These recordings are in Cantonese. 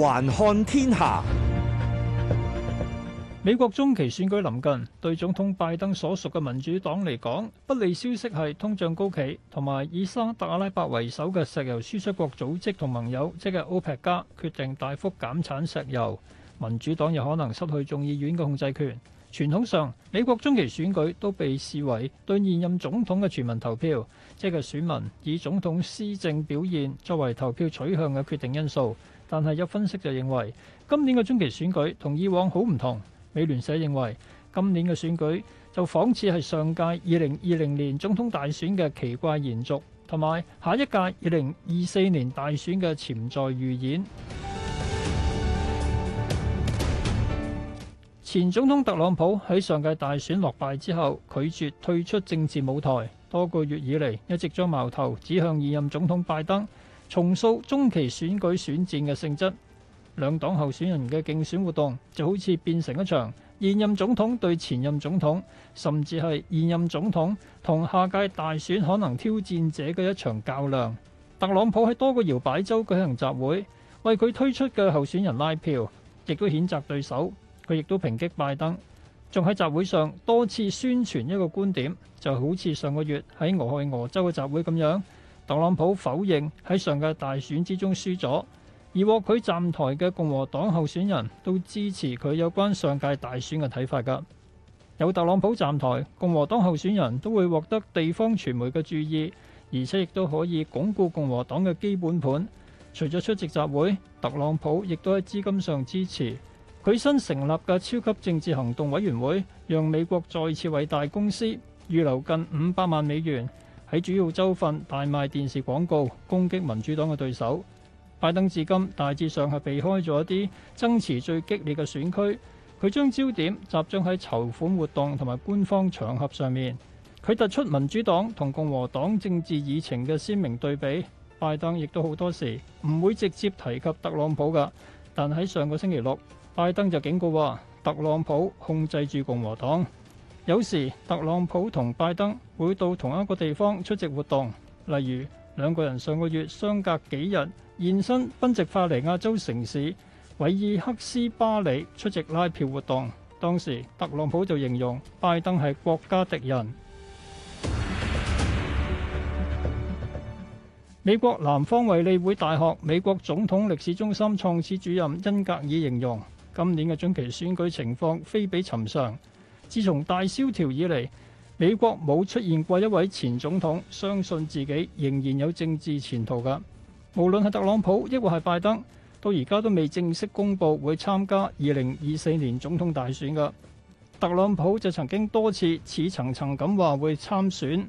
環看天下，美國中期選舉臨近，對總統拜登所屬嘅民主黨嚟講，不利消息係通脹高企，同埋以沙特阿拉伯為首嘅石油輸出國組織同盟友即係 OPEC 加決定大幅減產石油。民主黨有可能失去眾議院嘅控制權。傳統上，美國中期選舉都被視為對現任總統嘅全民投票，即係選民以總統施政表現作為投票取向嘅決定因素。但係有分析就認為，今年嘅中期選舉同以往好唔同。美聯社認為，今年嘅選舉就仿似係上屆二零二零年總統大選嘅奇怪延續，同埋下一屆二零二四年大選嘅潛在預演。前總統特朗普喺上屆大選落敗之後，拒絕退出政治舞台，多個月以嚟一直將矛頭指向現任總統拜登。重塑中期選舉選戰嘅性質，兩黨候選人嘅競選活動就好似變成一場現任總統對前任總統，甚至係現任總統同下屆大選可能挑戰者嘅一場較量。特朗普喺多個搖擺州舉行集會，為佢推出嘅候選人拉票，亦都譴責對手，佢亦都抨擊拜登，仲喺集會上多次宣傳一個觀點，就好似上個月喺俄亥俄州嘅集會咁樣。特朗普否認喺上屆大選之中輸咗，而獲佢站台嘅共和黨候選人都支持佢有關上屆大選嘅睇法㗎。有特朗普站台，共和黨候選人都會獲得地方傳媒嘅注意，而且亦都可以鞏固共和黨嘅基本盤。除咗出席集會，特朗普亦都喺資金上支持佢新成立嘅超級政治行動委員會，讓美國再次為大公司預留近五百萬美元。喺主要州份大賣電視廣告，攻擊民主黨嘅對手。拜登至今大致上係避開咗一啲爭持最激烈嘅選區，佢將焦點集中喺籌款活動同埋官方場合上面。佢突出民主黨同共和黨政治議程嘅鮮明對比。拜登亦都好多時唔會直接提及特朗普㗎，但喺上個星期六，拜登就警告話特朗普控制住共和黨。有時特朗普同拜登會到同一個地方出席活動，例如兩個人上個月相隔幾日現身賓夕法尼亞州城市韋爾克斯巴里出席拉票活動。當時特朗普就形容拜登係國家敵人。美國南方衛理會大學美國總統歷史中心創始主任恩格爾形容今年嘅中期選舉情況非比尋常。自從大蕭條以來，美國冇出現過一位前總統相信自己仍然有政治前途嘅。無論係特朗普亦或係拜登，到而家都未正式公布會參加二零二四年總統大選嘅。特朗普就曾經多次似層層咁話會參選。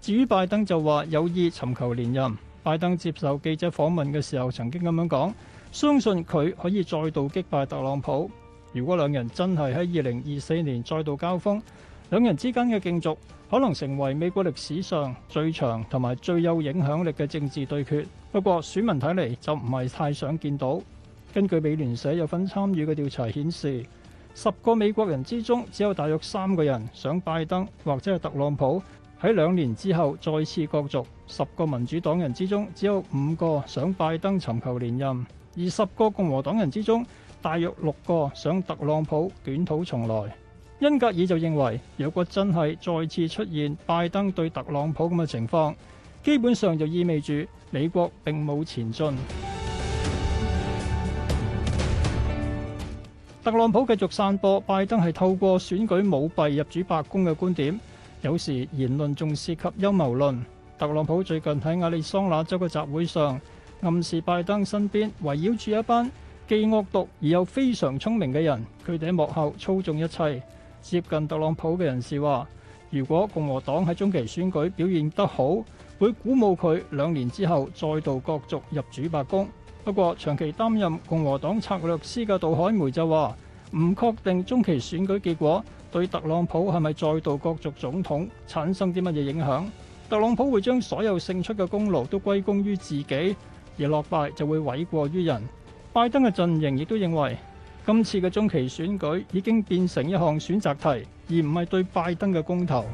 至於拜登就話有意尋求連任。拜登接受記者訪問嘅時候曾經咁樣講：相信佢可以再度擊敗特朗普。如果兩人真係喺二零二四年再度交鋒，兩人之間嘅競逐可能成為美國歷史上最長同埋最有影響力嘅政治對決。不過選民睇嚟就唔係太想見到。根據美聯社有份參與嘅調查顯示，十個美國人之中只有大約三個人想拜登或者特朗普喺兩年之後再次角逐；十個民主黨人之中只有五個想拜登尋求連任；而十個共和黨人之中，大約六個想特朗普捲土重來，恩格爾就認為，如果真係再次出現拜登對特朗普咁嘅情況，基本上就意味住美國並冇前進。特朗普繼續散播拜登係透過選舉舞弊入主白宮嘅觀點，有時言論仲涉及陰謀論。特朗普最近喺亞利桑那州嘅集會上，暗示拜登身邊圍繞住一班。既惡毒而又非常聰明嘅人，佢哋喺幕後操縱一切。接近特朗普嘅人士話，如果共和黨喺中期選舉表現得好，會鼓舞佢兩年之後再度角逐入主白宮。不過，長期擔任共和黨策略師嘅杜海梅就話，唔確定中期選舉結果對特朗普係咪再度角逐總統產生啲乜嘢影響。特朗普會將所有勝出嘅功勞都歸功於自己，而落敗就會委過於人。拜登嘅陣營亦都認為，今次嘅中期選舉已經變成一項選擇題，而唔係對拜登嘅公投。